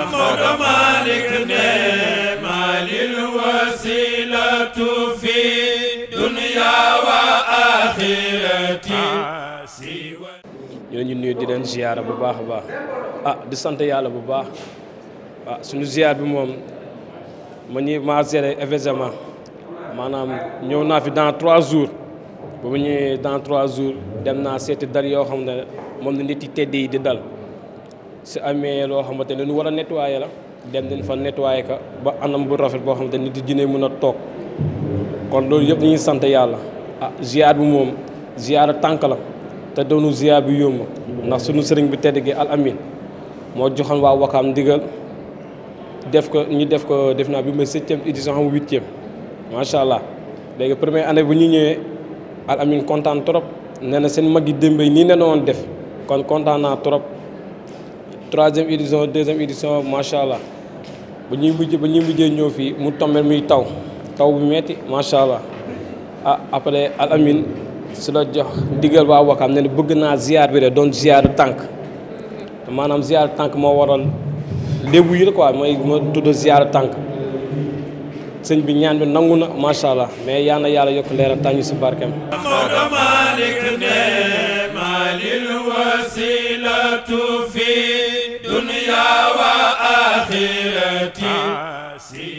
ñoo ñu nuyu di leen ziara bu baax a baax ah di sant yàlla bu baax waaw ah, suñu ziar bi moom ma ñuy maa géré événement maanaam ñëw naa fi dans trois jours ba ma ñëwee dans trois jours dem naa seeti dal yoo xam ne moom la nit yi teddi yi di dal su amee loo xamante ne lu war a nettoyer la dem dañ fa nettoyer ka ba anam bu rafet boo xamante nit di dinañ mën a toog kon loolu yëpp dañuy sant yàlla ah ziar bi moom ziar tànk la te doonu ziar bi yomb ndax sunu sëriñ bi tedd gi al amin moo joxoon waa wakaam ndigal def ko ñu def ko def naa bi mooy septième édition xam huitième macha allah léegi première année bu ñu ñëwee al amin kontaan trop nee na seen mag yi démb yi nii nee na woon def kon kontaan troisième édition deuxième édition macha allah ba ñuy mujj ba ñuy mujjee ñëw fii mu tombé muy taw taw bu metti macha allah ah après al amin si la jox baa waa Wakaam ne bëgg naa ziar bi de doon ziar tànk maanaam ziar tànk moo waral lébu yi la quoi mooy moo tudd tànk sëñ bi ñaan bi nangu na macha allah mais yaa na yàlla yokk leeral tàññi si barkeem. مالك نعم الوسيلة في راحلتي